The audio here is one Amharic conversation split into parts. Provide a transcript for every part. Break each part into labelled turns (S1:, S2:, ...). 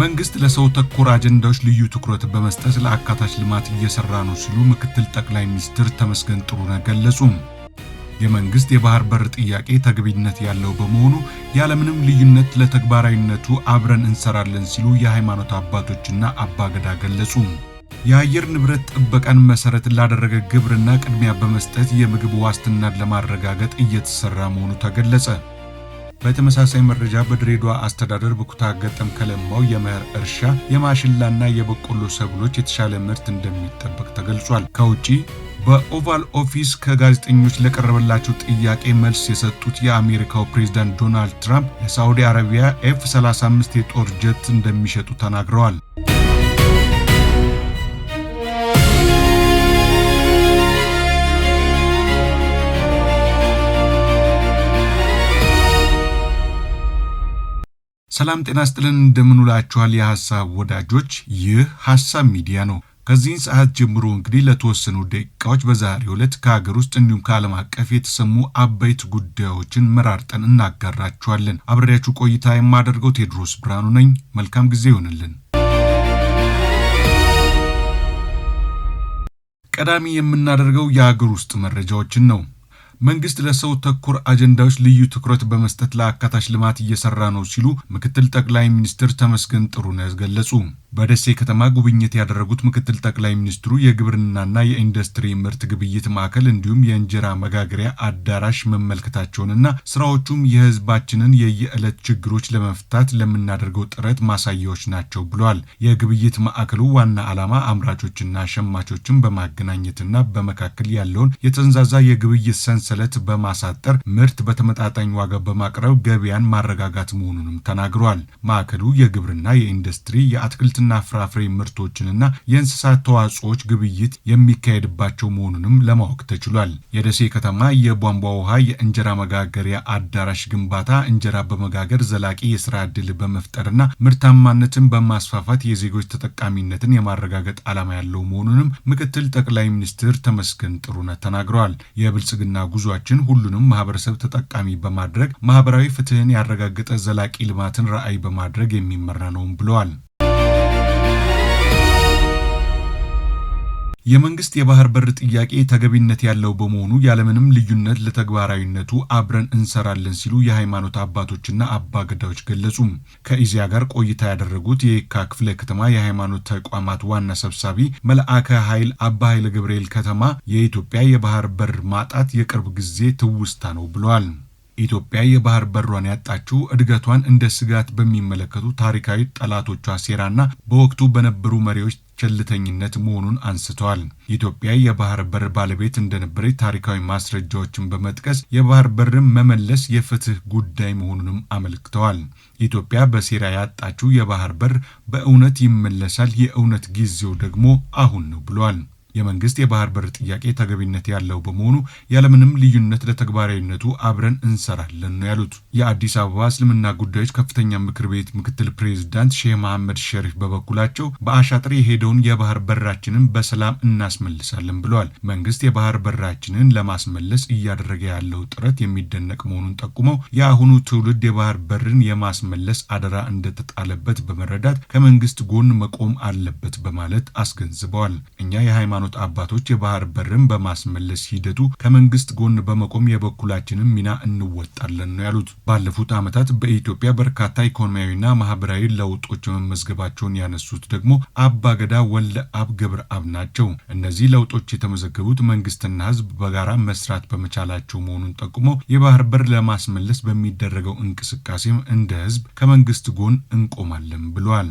S1: መንግስት ለሰው ተኮር አጀንዳዎች ልዩ ትኩረት በመስጠት ለአካታች ልማት እየሰራ ነው ሲሉ ምክትል ጠቅላይ ሚኒስትር ተመስገን ጥሩነህ ገለጹ። የመንግስት የባህር በር ጥያቄ ተገቢነት ያለው በመሆኑ ያለምንም ልዩነት ለተግባራዊነቱ አብረን እንሰራለን ሲሉ የሃይማኖት አባቶችና አባገዳ ገለጹ። የአየር ንብረት ጥበቃን መሰረት ላደረገ ግብርና ቅድሚያ በመስጠት የምግብ ዋስትናን ለማረጋገጥ እየተሰራ መሆኑ ተገለጸ። በተመሳሳይ መረጃ በድሬዷ አስተዳደር በኩታ ገጠም ከለማው የመኸር እርሻ የማሽላና የበቆሎ ሰብሎች የተሻለ ምርት እንደሚጠበቅ ተገልጿል። ከውጪ በኦቫል ኦፊስ ከጋዜጠኞች ለቀረበላቸው ጥያቄ መልስ የሰጡት የአሜሪካው ፕሬዝዳንት ዶናልድ ትራምፕ ለሳዑዲ አረቢያ ኤፍ 35 የጦር ጀት እንደሚሸጡ ተናግረዋል። ሰላም ጤና ስጥልን እንደምንውላችኋል የሐሳብ ወዳጆች፣ ይህ ሐሳብ ሚዲያ ነው። ከዚህን ሰዓት ጀምሮ እንግዲህ ለተወሰኑ ደቂቃዎች በዛሬ ዕለት ከሀገር ውስጥ እንዲሁም ከዓለም አቀፍ የተሰሙ አበይት ጉዳዮችን መራርጠን እናጋራችኋለን። አብሬያችሁ ቆይታ የማደርገው ቴዎድሮስ ብርሃኑ ነኝ። መልካም ጊዜ ይሆንልን። ቀዳሚ የምናደርገው የሀገር ውስጥ መረጃዎችን ነው። መንግስት ለሰው ተኮር አጀንዳዎች ልዩ ትኩረት በመስጠት ለአካታች ልማት እየሰራ ነው ሲሉ ምክትል ጠቅላይ ሚኒስትር ተመስገን ጥሩነህ ገለጹ። በደሴ ከተማ ጉብኝት ያደረጉት ምክትል ጠቅላይ ሚኒስትሩ የግብርናና የኢንዱስትሪ ምርት ግብይት ማዕከል እንዲሁም የእንጀራ መጋገሪያ አዳራሽ መመልከታቸውንና ስራዎቹም የህዝባችንን የየዕለት ችግሮች ለመፍታት ለምናደርገው ጥረት ማሳያዎች ናቸው ብሏል። የግብይት ማዕከሉ ዋና ዓላማ አምራቾችና ሸማቾችን በማገናኘትና በመካከል ያለውን የተንዛዛ የግብይት ሰንስ ሰንሰለት በማሳጠር ምርት በተመጣጣኝ ዋጋ በማቅረብ ገበያን ማረጋጋት መሆኑንም ተናግሯል። ማዕከሉ የግብርና፣ የኢንዱስትሪ፣ የአትክልትና ፍራፍሬ ምርቶችንና የእንስሳት ተዋጽዎች ግብይት የሚካሄድባቸው መሆኑንም ለማወቅ ተችሏል። የደሴ ከተማ የቧንቧ ውሃ የእንጀራ መጋገሪያ አዳራሽ ግንባታ እንጀራ በመጋገር ዘላቂ የስራ ዕድል በመፍጠርና ምርታማነትን በማስፋፋት የዜጎች ተጠቃሚነትን የማረጋገጥ ዓላማ ያለው መሆኑንም ምክትል ጠቅላይ ሚኒስትር ተመስገን ጥሩነህ ተናግረዋል። የብልጽግና ጉዟችን ሁሉንም ማህበረሰብ ተጠቃሚ በማድረግ ማህበራዊ ፍትህን ያረጋገጠ ዘላቂ ልማትን ራዕይ በማድረግ የሚመራ ነውም ብለዋል። የመንግስት የባህር በር ጥያቄ ተገቢነት ያለው በመሆኑ ያለምንም ልዩነት ለተግባራዊነቱ አብረን እንሰራለን ሲሉ የሃይማኖት አባቶችና አባገዳዎች ገለጹ። ከኢዚያ ጋር ቆይታ ያደረጉት የየካ ክፍለ ከተማ የሃይማኖት ተቋማት ዋና ሰብሳቢ መልአከ ኃይል አባ ኃይለ ገብርኤል ከተማ የኢትዮጵያ የባህር በር ማጣት የቅርብ ጊዜ ትውስታ ነው ብለዋል። ኢትዮጵያ የባህር በሯን ያጣችው እድገቷን እንደ ስጋት በሚመለከቱ ታሪካዊ ጠላቶቿ ሴራና በወቅቱ በነበሩ መሪዎች ቸልተኝነት መሆኑን አንስተዋል። ኢትዮጵያ የባህር በር ባለቤት እንደነበረች ታሪካዊ ማስረጃዎችን በመጥቀስ የባህር በርን መመለስ የፍትህ ጉዳይ መሆኑንም አመልክተዋል። ኢትዮጵያ በሴራ ያጣችው የባህር በር በእውነት ይመለሳል፣ የእውነት ጊዜው ደግሞ አሁን ነው ብሏል። የመንግስት የባህር በር ጥያቄ ተገቢነት ያለው በመሆኑ ያለምንም ልዩነት ለተግባራዊነቱ አብረን እንሰራለን ነው ያሉት። የአዲስ አበባ እስልምና ጉዳዮች ከፍተኛ ምክር ቤት ምክትል ፕሬዚዳንት ሼህ መሐመድ ሸሪፍ በበኩላቸው በአሻጥር የሄደውን የባህር በራችንን በሰላም እናስመልሳለን ብለዋል። መንግስት የባህር በራችንን ለማስመለስ እያደረገ ያለው ጥረት የሚደነቅ መሆኑን ጠቁመው የአሁኑ ትውልድ የባህር በርን የማስመለስ አደራ እንደተጣለበት በመረዳት ከመንግስት ጎን መቆም አለበት በማለት አስገንዝበዋል። እኛ የሃይማኖት የሃይማኖት አባቶች የባህር በርን በማስመለስ ሂደቱ ከመንግስት ጎን በመቆም የበኩላችንን ሚና እንወጣለን ነው ያሉት። ባለፉት ዓመታት በኢትዮጵያ በርካታ ኢኮኖሚያዊና ማህበራዊ ለውጦች መመዝገባቸውን ያነሱት ደግሞ አባገዳ ወለ አብ ገብረ አብ ናቸው። እነዚህ ለውጦች የተመዘገቡት መንግስትና ህዝብ በጋራ መስራት በመቻላቸው መሆኑን ጠቁመው የባህር በር ለማስመለስ በሚደረገው እንቅስቃሴም እንደ ህዝብ ከመንግስት ጎን እንቆማለን ብለዋል።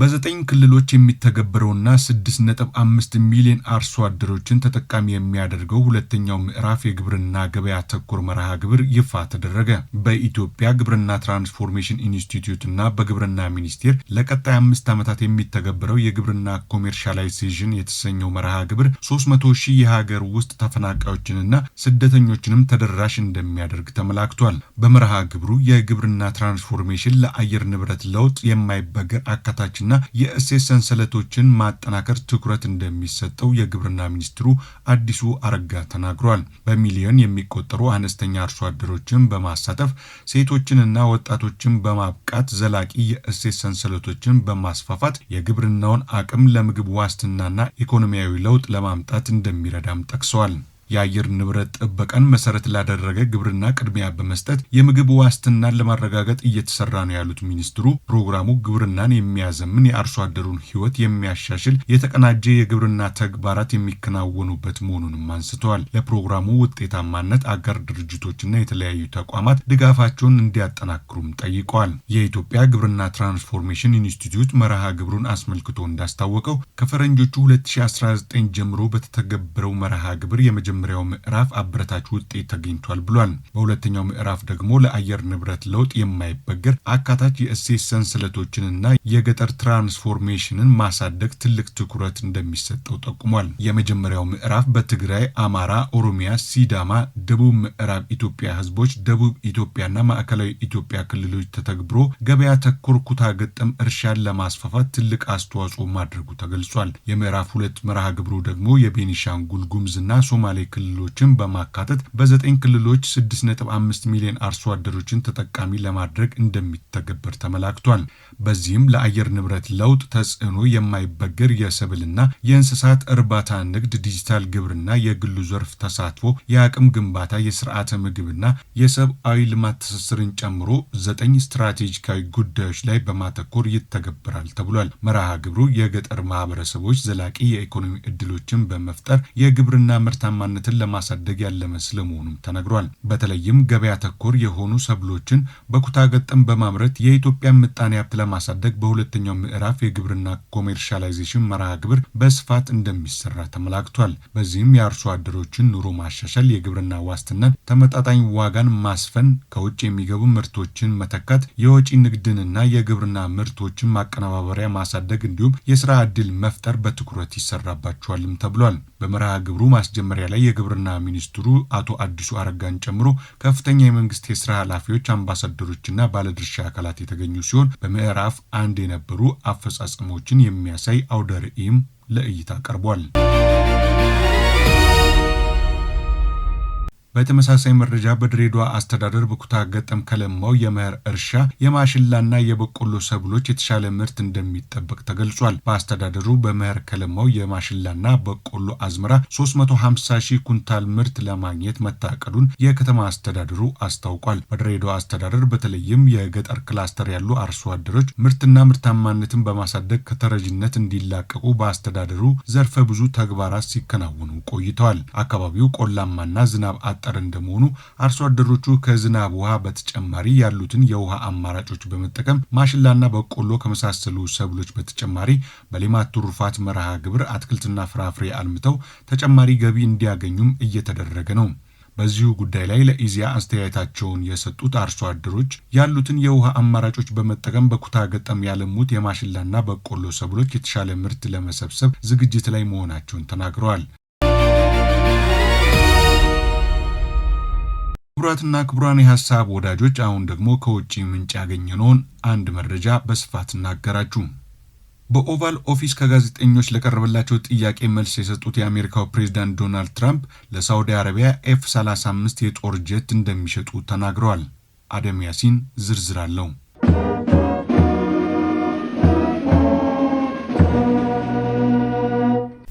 S1: በዘጠኝ ክልሎች የሚተገበረውና 6.5 ሚሊዮን አርሶ አደሮችን ተጠቃሚ የሚያደርገው ሁለተኛው ምዕራፍ የግብርና ገበያ ተኮር መርሃ ግብር ይፋ ተደረገ። በኢትዮጵያ ግብርና ትራንስፎርሜሽን ኢንስቲትዩት እና በግብርና ሚኒስቴር ለቀጣይ አምስት ዓመታት የሚተገበረው የግብርና ኮሜርሻላይዜሽን የተሰኘው መርሃ ግብር 300 ሺህ የሀገር ውስጥ ተፈናቃዮችንና ስደተኞችንም ተደራሽ እንደሚያደርግ ተመላክቷል። በመርሃ ግብሩ የግብርና ትራንስፎርሜሽን ለአየር ንብረት ለውጥ የማይበገር አካታችን እና የእሴት ሰንሰለቶችን ማጠናከር ትኩረት እንደሚሰጠው የግብርና ሚኒስትሩ አዲሱ አረጋ ተናግሯል። በሚሊዮን የሚቆጠሩ አነስተኛ አርሶ አደሮችን በማሳተፍ ሴቶችንና ወጣቶችን በማብቃት ዘላቂ የእሴት ሰንሰለቶችን በማስፋፋት የግብርናውን አቅም ለምግብ ዋስትናና ኢኮኖሚያዊ ለውጥ ለማምጣት እንደሚረዳም ጠቅሰዋል። የአየር ንብረት ጥበቃን መሰረት ላደረገ ግብርና ቅድሚያ በመስጠት የምግብ ዋስትናን ለማረጋገጥ እየተሰራ ነው ያሉት ሚኒስትሩ ፕሮግራሙ ግብርናን የሚያዘምን የአርሶ አደሩን ሕይወት የሚያሻሽል የተቀናጀ የግብርና ተግባራት የሚከናወኑበት መሆኑንም አንስተዋል። ለፕሮግራሙ ውጤታማነት አጋር ድርጅቶችና የተለያዩ ተቋማት ድጋፋቸውን እንዲያጠናክሩም ጠይቋል። የኢትዮጵያ ግብርና ትራንስፎርሜሽን ኢንስቲትዩት መርሃ ግብሩን አስመልክቶ እንዳስታወቀው ከፈረንጆቹ 2019 ጀምሮ በተተገበረው መርሃ ግብር የመጀመ በመጀመሪያው ምዕራፍ አበረታች ውጤት ተገኝቷል ብሏል። በሁለተኛው ምዕራፍ ደግሞ ለአየር ንብረት ለውጥ የማይበገር አካታች የእሴት ሰንሰለቶችንና የገጠር ትራንስፎርሜሽንን ማሳደግ ትልቅ ትኩረት እንደሚሰጠው ጠቁሟል። የመጀመሪያው ምዕራፍ በትግራይ፣ አማራ፣ ኦሮሚያ፣ ሲዳማ፣ ደቡብ ምዕራብ ኢትዮጵያ ህዝቦች፣ ደቡብ ኢትዮጵያና ማዕከላዊ ኢትዮጵያ ክልሎች ተተግብሮ ገበያ ተኮር ኩታ ገጠም እርሻን ለማስፋፋት ትልቅ አስተዋጽኦ ማድረጉ ተገልጿል። የምዕራፍ ሁለት መርሃ ግብሩ ደግሞ የቤኒሻንጉል ጉሙዝና ሶማሌ ክልሎችን በማካተት በዘጠኝ ክልሎች 6.5 ሚሊዮን አርሶ አደሮችን ተጠቃሚ ለማድረግ እንደሚተገበር ተመላክቷል። በዚህም ለአየር ንብረት ለውጥ ተጽዕኖ የማይበገር የሰብልና የእንስሳት እርባታ ንግድ፣ ዲጂታል ግብርና፣ የግሉ ዘርፍ ተሳትፎ፣ የአቅም ግንባታ፣ የስርዓተ ምግብና የሰብአዊ ልማት ትስስርን ጨምሮ ዘጠኝ ስትራቴጂካዊ ጉዳዮች ላይ በማተኮር ይተገበራል ተብሏል። መርሃ ግብሩ የገጠር ማህበረሰቦች ዘላቂ የኢኮኖሚ እድሎችን በመፍጠር የግብርና ምርታማ ። ምርታማነትን ለማሳደግ ያለመ ስለመሆኑም ተነግሯል። በተለይም ገበያ ተኮር የሆኑ ሰብሎችን በኩታ ገጠም በማምረት የኢትዮጵያን ምጣኔ ሀብት ለማሳደግ በሁለተኛው ምዕራፍ የግብርና ኮሜርሻላይዜሽን መርሃ ግብር በስፋት እንደሚሰራ ተመላክቷል። በዚህም የአርሶ አደሮችን ኑሮ ማሻሻል፣ የግብርና ዋስትናን፣ ተመጣጣኝ ዋጋን ማስፈን፣ ከውጭ የሚገቡ ምርቶችን መተካት፣ የወጪ ንግድንና የግብርና ምርቶችን ማቀነባበሪያ ማሳደግ እንዲሁም የስራ ዕድል መፍጠር በትኩረት ይሰራባቸዋልም ተብሏል። በመርሃ ግብሩ ማስጀመሪያ ላይ የግብርና ሚኒስትሩ አቶ አዲሱ አረጋን ጨምሮ ከፍተኛ የመንግስት የስራ ኃላፊዎች፣ አምባሳደሮችና ባለድርሻ አካላት የተገኙ ሲሆን በምዕራፍ አንድ የነበሩ አፈጻጸሞችን የሚያሳይ አውደ ርዕይም ለእይታ ቀርቧል። በተመሳሳይ መረጃ በድሬዷ አስተዳደር በኩታ ገጠም ከለማው የመኸር እርሻ የማሽላና የበቆሎ ሰብሎች የተሻለ ምርት እንደሚጠበቅ ተገልጿል። በአስተዳደሩ በመኸር ከለማው የማሽላና በቆሎ አዝመራ 350 ሺህ ኩንታል ምርት ለማግኘት መታቀዱን የከተማ አስተዳደሩ አስታውቋል። በድሬዳዋ አስተዳደር በተለይም የገጠር ክላስተር ያሉ አርሶ አደሮች ምርትና ምርታማነትን በማሳደግ ከተረጅነት እንዲላቀቁ በአስተዳደሩ ዘርፈ ብዙ ተግባራት ሲከናወኑ ቆይተዋል። አካባቢው ቆላማና ዝናብ አ። የሚፈጠር እንደመሆኑ አርሶ አደሮቹ ከዝናብ ውሃ በተጨማሪ ያሉትን የውሃ አማራጮች በመጠቀም ማሽላና በቆሎ ከመሳሰሉ ሰብሎች በተጨማሪ በሌማት ትሩፋት መርሃ ግብር አትክልትና ፍራፍሬ አልምተው ተጨማሪ ገቢ እንዲያገኙም እየተደረገ ነው። በዚሁ ጉዳይ ላይ ለኢዜአ አስተያየታቸውን የሰጡት አርሶ አደሮች ያሉትን የውሃ አማራጮች በመጠቀም በኩታ ገጠም ያለሙት የማሽላና በቆሎ ሰብሎች የተሻለ ምርት ለመሰብሰብ ዝግጅት ላይ መሆናቸውን ተናግረዋል። ክቡራትና ክቡራን የሀሳብ ወዳጆች አሁን ደግሞ ከውጭ ምንጭ ያገኘነውን አንድ መረጃ በስፋት እናገራችሁ። በኦቫል ኦፊስ ከጋዜጠኞች ለቀረበላቸው ጥያቄ መልስ የሰጡት የአሜሪካው ፕሬዚዳንት ዶናልድ ትራምፕ ለሳውዲ አረቢያ ኤፍ 35 የጦር ጀት እንደሚሸጡ ተናግረዋል። አደም ያሲን ዝርዝር አለው።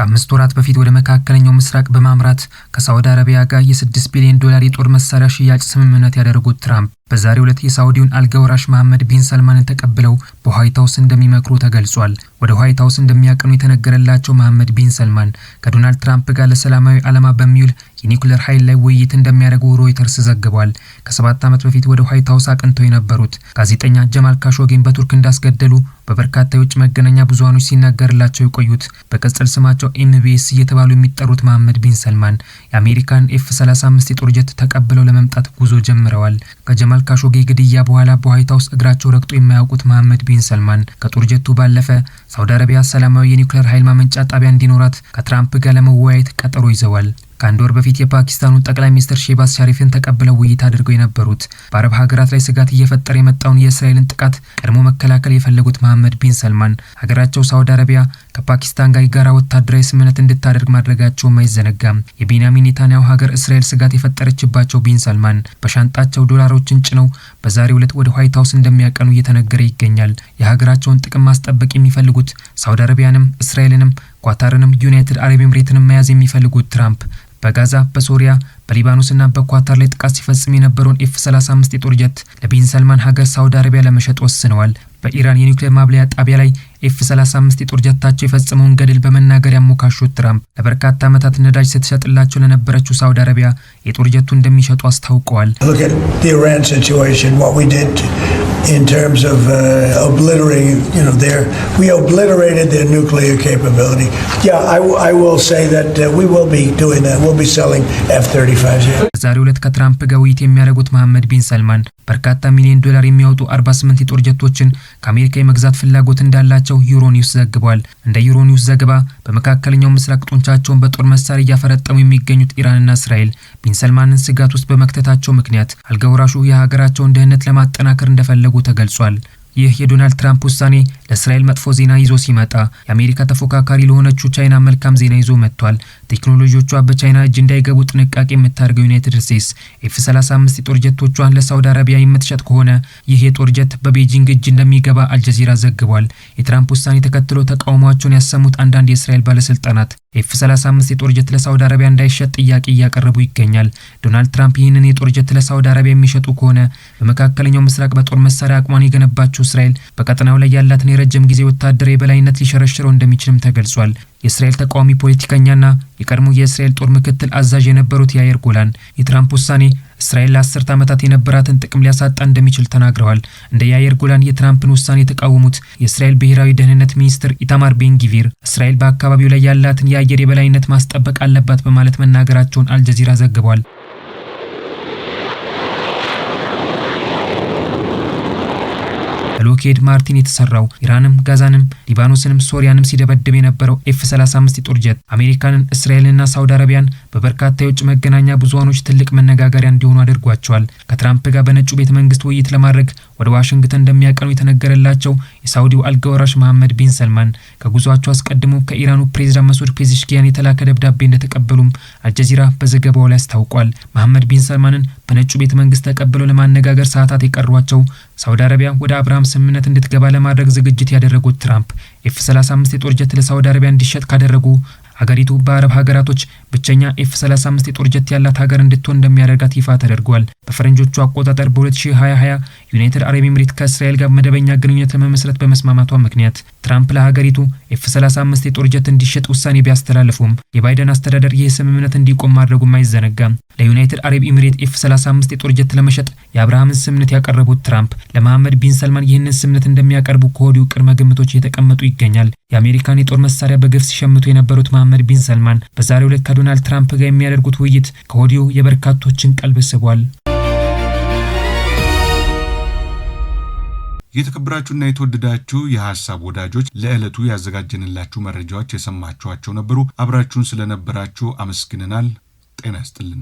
S2: ከአምስት ወራት በፊት ወደ መካከለኛው ምስራቅ በማምራት ከሳውዲ አረቢያ ጋር የ6 ቢሊዮን ዶላር የጦር መሳሪያ ሽያጭ ስምምነት ያደረጉት ትራምፕ በዛሬው ዕለት የሳውዲውን አልጋወራሽ መሐመድ ቢን ሰልማንን ተቀብለው በዋይት ሀውስ እንደሚመክሩ ተገልጿል። ወደ ዋይት ሀውስ እንደሚያቀኑ የተነገረላቸው መሐመድ ቢን ሰልማን ከዶናልድ ትራምፕ ጋር ለሰላማዊ ዓላማ በሚውል የኒውክሌር ኃይል ላይ ውይይት እንደሚያደርጉ ሮይተርስ ዘግቧል። ከሰባት ዓመት በፊት ወደ ዋይት ሀውስ አቅንተው የነበሩት ጋዜጠኛ ጀማል ካሾጌን በቱርክ እንዳስገደሉ በበርካታ የውጭ መገናኛ ብዙሃኖች ሲናገርላቸው የቆዩት በቅጽል ስማቸው ኤምቢኤስ እየተባሉ የሚጠሩት መሐመድ ቢን ሰልማን የአሜሪካን ኤፍ 35 የጦር ጀት ተቀብለው ለመምጣት ጉዞ ጀምረዋል። ከጀማል ከጀነራል ካሾጌ ግድያ በኋላ በዋይት ሀውስ እግራቸው ረግጦ የማያውቁት መሐመድ ቢን ሰልማን ከጦር ጀቱ ባለፈ ሳውዲ አረቢያ ሰላማዊ የኒውክሌር ኃይል ማመንጫ ጣቢያ እንዲኖራት ከትራምፕ ጋር ለመወያየት ቀጠሮ ይዘዋል። ከአንድ ወር በፊት የፓኪስታኑን ጠቅላይ ሚኒስትር ሼባዝ ሻሪፍን ተቀብለው ውይይት አድርገው የነበሩት በአረብ ሀገራት ላይ ስጋት እየፈጠረ የመጣውን የእስራኤልን ጥቃት ቀድሞ መከላከል የፈለጉት መሐመድ ቢን ሰልማን ሀገራቸው ሳውዲ አረቢያ ከፓኪስታን ጋር የጋራ ወታደራዊ ስምምነት እንድታደርግ ማድረጋቸውም አይዘነጋም። የቤንያሚን ኔታንያሁ ሀገር እስራኤል ስጋት የፈጠረችባቸው ቢን ሰልማን በሻንጣቸው ዶላሮችን ጭነው በዛሬ ዕለት ወደ ዋይት ሀውስ እንደሚያቀኑ እየተነገረ ይገኛል። የሀገራቸውን ጥቅም ማስጠበቅ የሚፈልጉት ሳውዲ አረቢያንም እስራኤልንም ኳታርንም ዩናይትድ አረብ ኤምሬትንም መያዝ የሚፈልጉት ትራምፕ በጋዛ በሶሪያ በሊባኖስና በኳታር ላይ ጥቃት ሲፈጽም የነበረውን ኤፍ 35 የጦር ጀት ለቢን ሰልማን ሀገር ሳውዲ አረቢያ ለመሸጥ ወስነዋል። በኢራን የኒውክሌር ማብለያ ጣቢያ ላይ ኤፍ 35 የጦር ጀታቸው የፈጸመውን ገድል በመናገር ያሞካሹት ትራምፕ ለበርካታ ዓመታት ነዳጅ ስትሸጥላቸው ለነበረችው ሳውዲ አረቢያ የጦር ጀቱ እንደሚሸጡ አስታውቀዋል። in terms of uh, obliterating, you know, their, we obliterated their nuclear capability. Yeah, I, I will say that uh, we will be doing that. We'll be selling F-35s. በዛሬው ዕለት ከትራምፕ ጋር ውይይት የሚያደርጉት መሐመድ ቢን ሰልማን በርካታ ሚሊዮን ዶላር የሚያወጡ 48 የጦር ጀቶችን ከአሜሪካ የመግዛት ፍላጎት እንዳላቸው ዩሮኒውስ ዘግቧል። እንደ ዩሮኒውስ ዘገባ በመካከለኛው ምስራቅ ጡንቻቸውን በጦር መሳሪያ እያፈረጠሙ የሚገኙት ኢራንና እስራኤል ቢን ሰልማንን ስጋት ውስጥ በመክተታቸው ምክንያት አልጋ ወራሹ የሀገራቸውን ደህንነት ለማጠናከር እንደፈለጉ ማድረጉ ተገልጿል። ይህ የዶናልድ ትራምፕ ውሳኔ ለእስራኤል መጥፎ ዜና ይዞ ሲመጣ የአሜሪካ ተፎካካሪ ለሆነችው ቻይና መልካም ዜና ይዞ መጥቷል። ቴክኖሎጂዎቿ በቻይና እጅ እንዳይገቡ ጥንቃቄ የምታደርገው ዩናይትድ ስቴትስ ኤፍ 35 የጦር ጀቶቿን ለሳውዲ አረቢያ የምትሸጥ ከሆነ ይህ የጦር ጀት በቤጂንግ እጅ እንደሚገባ አልጀዚራ ዘግቧል። የትራምፕ ውሳኔ ተከትሎ ተቃውሟቸውን ያሰሙት አንዳንድ የእስራኤል ባለስልጣናት ኤፍ 35 የጦር ጀት ለሳውዲ አረቢያ እንዳይሸጥ ጥያቄ እያቀረቡ ይገኛል። ዶናልድ ትራምፕ ይህንን የጦር ጀት ለሳውዲ አረቢያ የሚሸጡ ከሆነ በመካከለኛው ምስራቅ በጦር መሳሪያ አቅሟን የገነባቸው እስራኤል በቀጠናው ላይ ያላትን የረጅም ጊዜ ወታደር የበላይነት ሊሸረሽረው እንደሚችልም ተገልጿል። የእስራኤል ተቃዋሚ ፖለቲከኛና የቀድሞ የእስራኤል ጦር ምክትል አዛዥ የነበሩት የአየር ጎላን የትራምፕ ውሳኔ እስራኤል ለአስርት ዓመታት የነበራትን ጥቅም ሊያሳጣ እንደሚችል ተናግረዋል። እንደ የአየር ጎላን የትራምፕን ውሳኔ የተቃወሙት የእስራኤል ብሔራዊ ደህንነት ሚኒስትር ኢታማር ቤንጊቪር እስራኤል በአካባቢው ላይ ያላትን የአየር የበላይነት ማስጠበቅ አለባት በማለት መናገራቸውን አልጀዚራ ዘግቧል። በሎኬድ ማርቲን የተሰራው ኢራንም ጋዛንም ሊባኖስንም ሶሪያንም ሲደበድብ የነበረው ኤፍ 35 የጦር ጀት አሜሪካንን እስራኤልንና ሳውዲ አረቢያን በበርካታ የውጭ መገናኛ ብዙሃኖች ትልቅ መነጋገሪያ እንዲሆኑ አድርጓቸዋል። ከትራምፕ ጋር በነጩ ቤተ መንግስት ውይይት ለማድረግ ወደ ዋሽንግተን እንደሚያቀኑ የተነገረላቸው የሳውዲው አልገወራሽ መሐመድ ቢን ሰልማን ከጉዞቸው አስቀድሞ ከኢራኑ ፕሬዚዳንት መስዑድ ፔዚሽኪያን የተላከ ደብዳቤ እንደተቀበሉም አልጀዚራ በዘገባው ላይ አስታውቋል። መሐመድ ቢን ሰልማንን በነጩ ቤተ መንግስት ተቀብለው ለማነጋገር ሰዓታት የቀሯቸው ሳውዲ አረቢያ ወደ አብርሃም ስምምነት እንድትገባ ለማድረግ ዝግጅት ያደረጉት ትራምፕ ኤፍ 35 የጦር ጀት ለሳውዲ አረቢያ እንዲሸጥ ካደረጉ ሀገሪቱ በአረብ ሀገራቶች ብቸኛ ኤፍ 35 የጦር ጀት ያላት ሀገር እንድትሆን እንደሚያደርጋት ይፋ ተደርጓል። በፈረንጆቹ አቆጣጠር በ2020 ዩናይትድ አረብ ኤምሬት ከእስራኤል ጋር መደበኛ ግንኙነት ለመመስረት በመስማማቷ ምክንያት ትራምፕ ለሀገሪቱ ኤፍ 35 የጦር ጀት እንዲሸጥ ውሳኔ ቢያስተላልፉም የባይደን አስተዳደር ይህ ስምምነት እንዲቆም ማድረጉም አይዘነጋም። ለዩናይትድ አረብ ኤምሬት ኤፍ 35 የጦር ጀት ለመሸጥ የአብርሃምን ስምምነት ያቀረቡት ትራምፕ ለመሐመድ ቢን ሰልማን ይህንን ስምምነት እንደሚያቀርቡ ከወዲሁ ቅድመ ግምቶች እየተቀመጡ ይገኛል። የአሜሪካን የጦር መሳሪያ በግፍ ሲሸምቱ የነበሩት መሐመድ ቢን ሰልማን በዛሬው ዕለት ከዶናልድ ትራምፕ ጋር የሚያደርጉት ውይይት ከወዲሁ የበርካቶችን ቀልብ ስቧል።
S1: የተከበራችሁና የተወደዳችሁ የሀሳብ ወዳጆች ለዕለቱ ያዘጋጀንላችሁ መረጃዎች የሰማችኋቸው ነበሩ። አብራችሁን ስለነበራችሁ አመስግነናል። ጤና ያስጥልን።